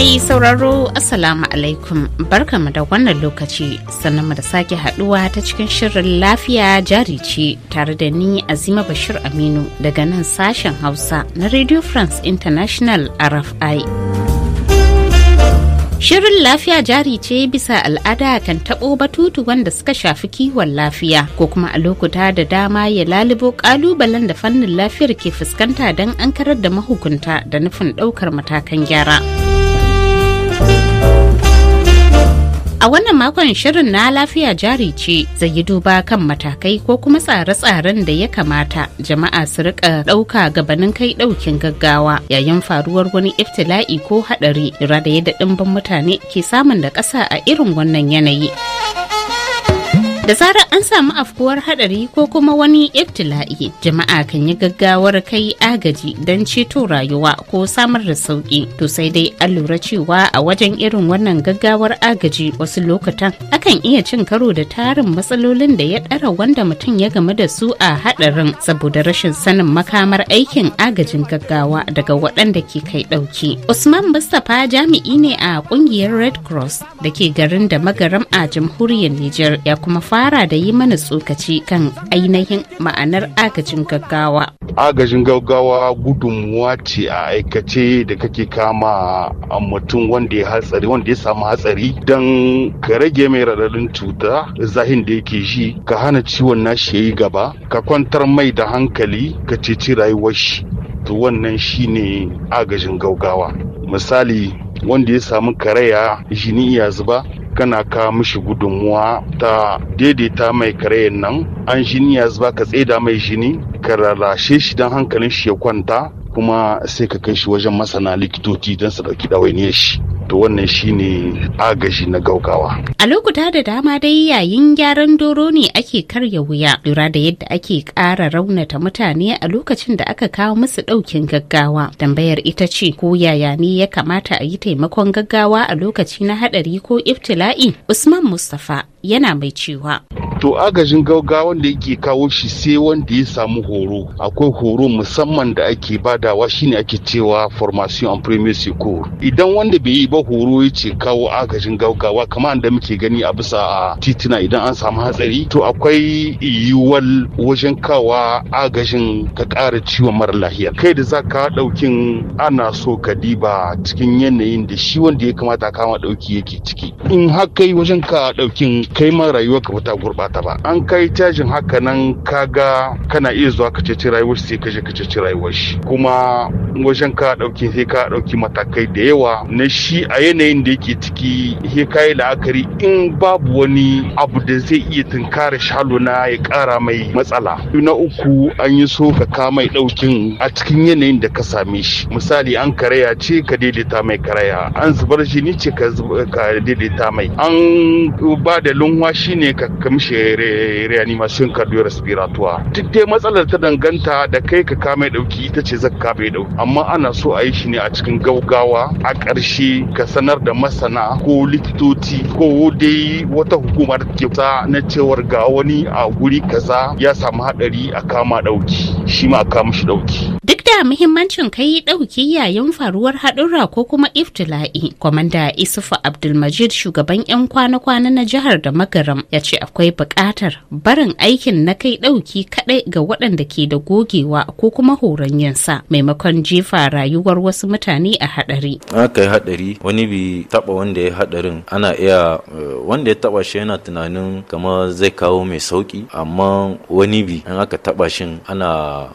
Mai sauraro Assalamu alaikum barkamu da wannan lokaci sannan da sake haduwa ta cikin shirin lafiya jari ce tare da ni Azima Bashir Aminu daga nan sashen Hausa na Radio France International RFI. Shirin lafiya jari ce bisa al'ada kan taɓo batutu wanda suka shafi kiwon lafiya ko kuma a lokuta da dama ya lalibo ƙalubalen da fannin lafiyar ke fuskanta don an karar da mahukunta da nufin ɗaukar matakan gyara. A wannan makon shirin na lafiya jari ce zai yi duba kan matakai ko kuma tsare-tsaren da ya kamata jama'a su rika ɗauka gabanin kai ɗaukin gaggawa yayin faruwar wani iftila'i ko haɗari lura da yadda ɗimbin mutane ke samun da ƙasa a irin wannan yanayi. da zarar an samu afkuwar hadari ko kuma wani ibtila'i jama'a kan yi gaggawar kai agaji don ceto rayuwa ko samar da sauki to sai dai an lura cewa a wajen irin wannan gaggawar agaji wasu lokutan akan iya cin karo da tarin matsalolin da ya ɗara wanda mutum ya game da su a hadarin saboda rashin sanin makamar aikin agajin gaggawa daga waɗanda ke kai ɗauki. Usman Mustapha jami'i ne a ƙungiyar Red Cross da ke garin da magaram a jamhuriyar Niger ya kuma fara fara da yi mana tsokaci kan ainihin ma'anar agajin gaggawa. Agajin gaggawa gudunmuwa ce a aikace da kake kama a mutum wanda ya hatsari wanda ya samu hatsari don ka rage mai raɗaɗin cuta zahin da yake shi ka hana ciwon nashi yayi gaba ka kwantar mai da hankali ka ceci rayuwar shi to wannan shine agajin gaggawa misali wanda ya samu karaya jini ya zuba kana ka mishi gudunmuwa ta daidaita mai karayen nan an jini ya zuba ka tseda mai jini ka rarrashe shi don hankalin shi ya kwanta kuma sai ka kai shi wajen masana likitoci don su ɗauki ɗawainiyar shi to wannan shi ne agashi na gaugawa. A lokuta da dama dai yayin gyaran doro ne ake karya wuya lura da yadda ake ƙara raunata mutane a lokacin da aka kawo musu ɗaukin gaggawa. Tambayar ita ce ko yaya ne ya kamata a yi taimakon gaggawa a lokaci na haɗari ko iftila'i Usman Mustapha yana mai cewa. to agajin gaugawan da yake kawo shi sai wanda ya samu horo akwai horo musamman da ake badawa shine ake cewa formation en premier secours idan wanda bai yi ba horo ya ce kawo agajin gaugawa kamar da muke gani a bisa a titina idan an samu hatsari to akwai yiwuwar wajen kawa agajin ka ƙara ciwon mara lahiya kai da zaka ka ana so ka diba cikin yanayin da shi wanda ya kamata kama ɗauki yake ciki in har kai wajen ka ɗaukin kai ma rayuwar ka ta gurɓata ta ba an kai cajin haka nan kaga kana iya zuwa ka ceci rayuwar sai ka je ka ceci rayuwar shi kuma wajen ka dauki sai ka dauki matakai da yawa na shi a yanayin da yake ciki sai ka yi la'akari in babu wani abu da zai iya tunkara shalo na ya kara mai matsala na uku an yi so ka ka mai daukin a cikin yanayin da ka same shi misali an karaya ce ka daidaita mai karaya an zubar jini ce ka daidaita mai an ba da lunwa shine ka kamshe reanimation cardiorespiratoire duk dai matsalar ta danganta da kai ka kame dauki ita ce zaka kame dauki amma ana so a yi shi ne a cikin gaugawa a ƙarshe ka sanar da masana ko likitoci ko dai wata hukuma da take ta na cewar ga wani a guri kaza ya samu hadari a kama dauki shi ma a kama shi dauki bisa muhimmancin kai ɗauki yayin faruwar haɗurra ko kuma iftila'i. Kwamanda isufa Abdulmajid shugaban 'yan kwana-kwana na jihar da Magaram ya ce akwai buƙatar barin aikin na kai ɗauki kaɗai ga waɗanda ke da gogewa ko kuma horon yansa maimakon jefa rayuwar wasu mutane a haɗari. Aka yi haɗari wani bi taɓa wanda ya haɗarin ana iya eh, wanda ya taɓa shi yana tunanin kama zai kawo mai sauƙi amma wani bi in aka taɓa shin ana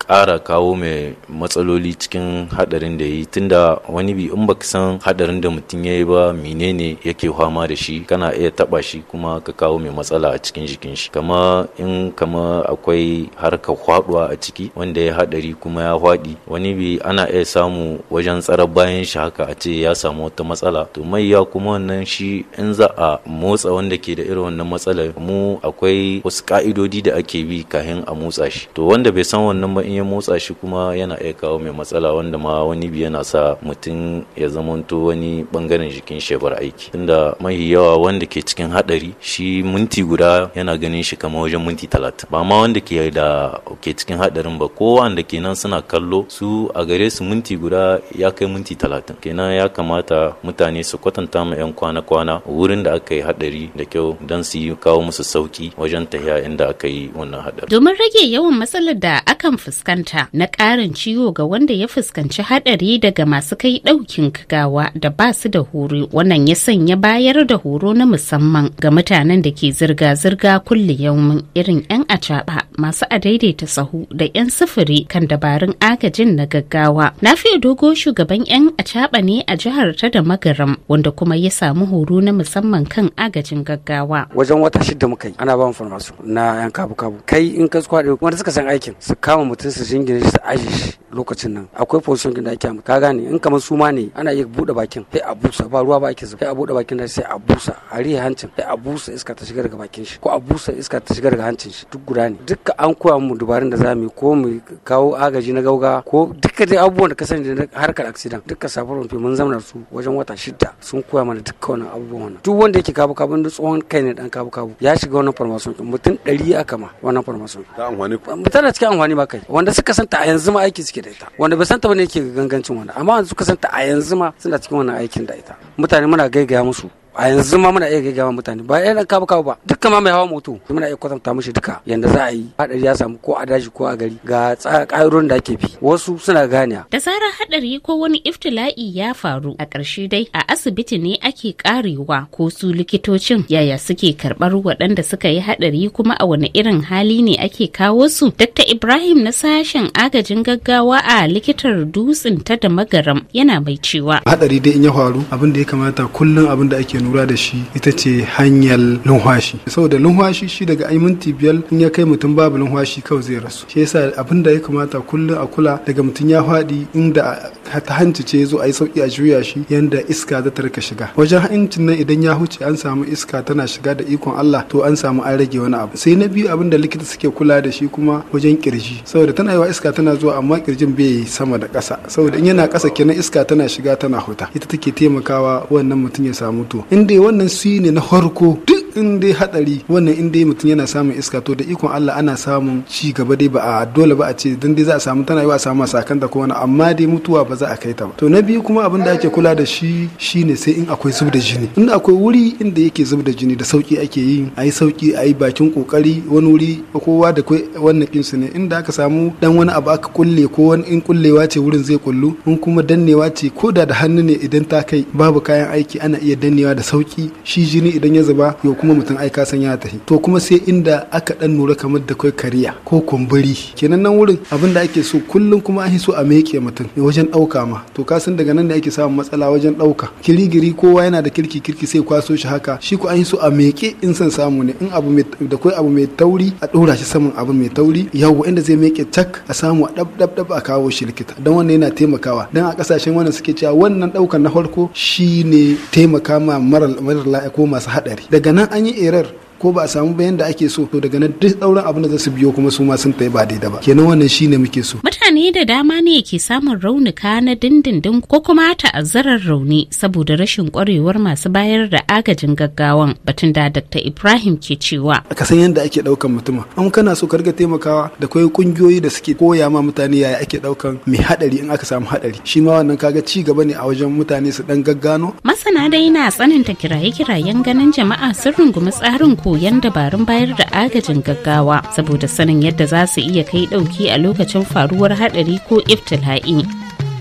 ƙara kawo mai matsaloli cikin hadarin da yi tunda wani bi in baka san hadarin da mutum ya yi ba menene yake fama da shi kana iya taba shi kuma ka kawo mai matsala a cikin jikin shi kama in kama akwai harka kwaduwa a ciki wanda ya hadari kuma ya fadi wani bi ana iya samu wajen tsarar bayan shi haka a ce ya samu wata matsala to mai ya kuma wannan shi in za a motsa wanda ke da irin wannan matsalar mu akwai wasu ka'idodi da ake bi kafin a motsa shi to wanda bai san wannan ba in ya motsa shi kuma yana iya kawo mai matsala wanda ma wani biyu yana sa mutum ya zamanto wani bangaren jikin shi aiki tunda mahi yawa wanda ke cikin hadari shi minti guda yana ganin shi kamar wajen minti talatin ba ma wanda ke da ke cikin hadarin ba ko wanda kenan suna kallo su a gare su minti guda ya kai minti talatin kenan ya kamata mutane su kwatanta ma yan kwana-kwana wurin da aka yi hadari da kyau don su kawo musu sauki wajen tahiya inda aka yi wannan hadari domin rage yawan matsalar da akan fuskanta na ƙarin ciwo ciwo ga wanda ya fuskanci hadari daga masu kai daukin gawa da ba su da horo wannan ya sanya bayar da horo na musamman ga mutanen da ke zirga-zirga kulle yaumin irin 'yan acaba masu a daidaita sahu da 'yan sufuri kan dabarun agajin na gaggawa. Na fiye dogo shugaban 'yan acaba ne a jihar ta da magaram wanda kuma ya samu horo na musamman kan agajin gaggawa. Wajen wata shida muka yi ana ba mu farmasu na 'yan kabu-kabu. Kai in ka kwaɗe wanda suka san aikin su kama mutum su jingine su ajiye shi lokacin nan akwai position da ake amma ka gane in kamar suma ne ana iya bude bakin sai a busa ba ruwa ba ake zuba sai a bude bakin sai a busa a rihe hancin sai a busa iska ta shiga daga bakin shi ko a busa iska ta shiga daga hancin shi duk guda ne duka an koya mu dubarun da zamu ko mu kawo agaji na gauga ko duka dai abubuwan da ka sani da harkar accident duka safar mafi mun zamana su wajen wata shida sun koya mana duka wannan abubuwan wannan duk wanda yake kabu kabu da tsohon kai ne dan kabu kabu ya shiga wannan farmason mutum 100 aka ma wannan farmason ta amfani mutana cikin amfani ba kai wanda suka santa a yanzu ma aiki suke suke da ita wanda bai santa bane yake gangancin wani amma wanda suka santa a yanzu ma suna cikin wannan aikin da ita mutane muna gaigaya musu a yanzu ma muna iya gaggawa mutane ba yana kawo kawo ba duka ma mai hawa moto muna iya kwatanta mishi duka yanda za a yi hadari ya samu ko a daji ko a gari ga ƙa'irorin da ake fi. wasu suna gane da zarar hadari ko wani iftila'i ya faru a ƙarshe dai a asibiti ne ake karewa ko su likitocin yaya suke karɓar waɗanda suka yi hadari kuma a wani irin hali ne ake kawo su dr ibrahim na sashen agajin gaggawa a likitar dutsen ta da magaram yana mai cewa hadari dai in ya faru abin da ya kamata kullum abin da ake nuna lura da shi ita ce hanyar lumhashi saboda lumhashi shi daga ai minti biyar in ya kai mutum babu lumhashi kawai zai rasu shi yasa abin da ya kamata kullum a kula daga mutum ya faɗi inda ta hanci ce zo a yi sauki a juya shi yanda iska za ta rika shiga wajen hancin nan idan ya huce an samu iska tana shiga da ikon Allah to an samu an rage wani abu sai na biyu abin da likita suke kula da shi kuma wajen kirji saboda tana yawa iska tana zuwa amma kirjin bai yi sama da ƙasa saboda in yana ƙasa kenan iska tana shiga tana huta ita take taimakawa wannan mutum ya samu to inda wannan su ne na farko duk in dai hadari wannan in dai mutum yana samun iska to da ikon Allah ana samun ci gaba dai ba a dole ba a ce dan dai za a samu tana yi a samu sakanta ko wani amma dai mutuwa ba za a kai ta ba to na biyu kuma abin da ake kula da shi shine sai in akwai zub da jini in akwai wuri inda yake zub da jini da sauki ake yi a yi sauki a yi bakin kokari wani wuri kowa da kai wannan su ne inda aka samu dan wani abu aka kulle ko wani in kullewa ce wurin zai kullu in kuma dannewa ce ko da da hannu ne idan ta kai babu kayan aiki ana iya dannewa da sauki shi jini idan ya zuba kuma mutum ai ka san ya tafi to kuma sai inda aka dan nura kamar da kai kariya ko kumburi kenan nan wurin abin da ake so kullum kuma an so a meke mutum wajen dauka ma to ka san daga nan da ake samun matsala wajen dauka kirigiri kowa yana da kirki kirki sai kwaso shi haka shi ko an so a meke in san samu ne in abu mai da kai abu mai tauri a dora shi saman abu mai tauri yawo inda zai meke tak a samu a dab dab dab a kawo shi likita dan wannan yana taimakawa dan a kasashen wannan suke cewa wannan daukan na farko shine taimaka ma mara mara ko masu hadari daga nan idan an yi error ko ba a samu bayan da ake so to daga nan duk sauran abin da za su biyo kuma su ma sun tafi ba daidai ba kenan wannan shine muke so mutane da dama ne ke samun raunuka na dindindin ko kuma ta'azzarar rauni saboda rashin kwarewar masu bayar da agajin gaggawan batun da Dr. Ibrahim ke cewa ka san yadda ake daukan mutuma an kana so karga taimakawa da kai kungiyoyi da suke koya ma mutane yaya ake daukan mai hadari in aka samu hadari shi ma wannan kaga ci gaba ne a wajen mutane su dan gaggano masana dai na tsananta kiraye-kirayen ganin jama'a sun rungumi tsarin ko koyon dabarun bayar da agajin gaggawa saboda sanin yadda za su iya kai dauki a lokacin faruwar hadari ko iftila'i.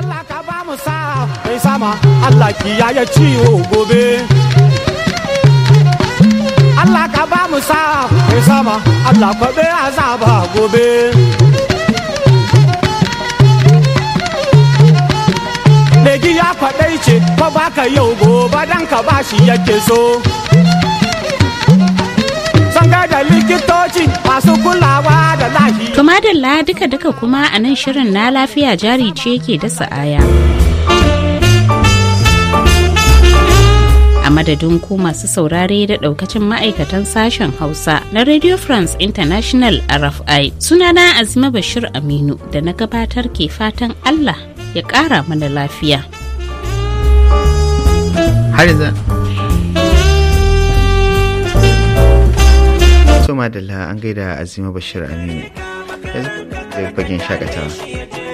Allah ka ba mu sa mai sama Allah ya ciwo gobe. Allah ka ba mu sa mai sama Allah kwaɓe azaba gobe. Legi giya kwaɗai ce, fa baka yau gobe don ka ba shi yake so. likitoci kulawa da To madalla duka duka kuma a nan shirin na lafiya jari ce ke dasa aya. A madadin ku masu saurare da daukacin ma'aikatan sashen Hausa na Radio France International RFI sunana Azima Bashir Aminu da na gabatar ke fatan Allah ya ƙara mana lafiya. Har so madalla an gaida azima bashir aminu da fagen shakatawa